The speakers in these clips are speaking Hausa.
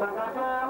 Thank you.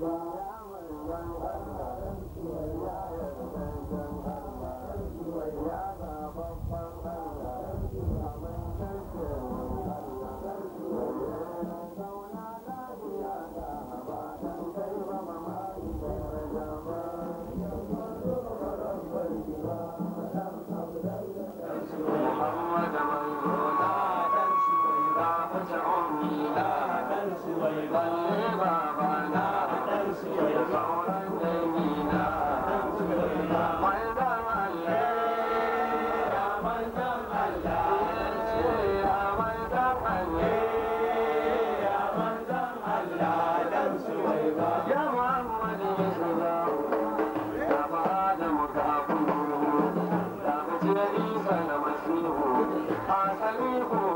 Baba. Thank you.